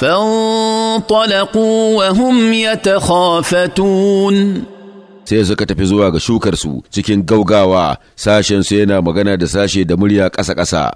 فانطلقوا وهم يتخافتون sai suka tafi zuwa ga shukarsu cikin gaugawa sashensu yana magana da sashe da murya ƙasa-ƙasa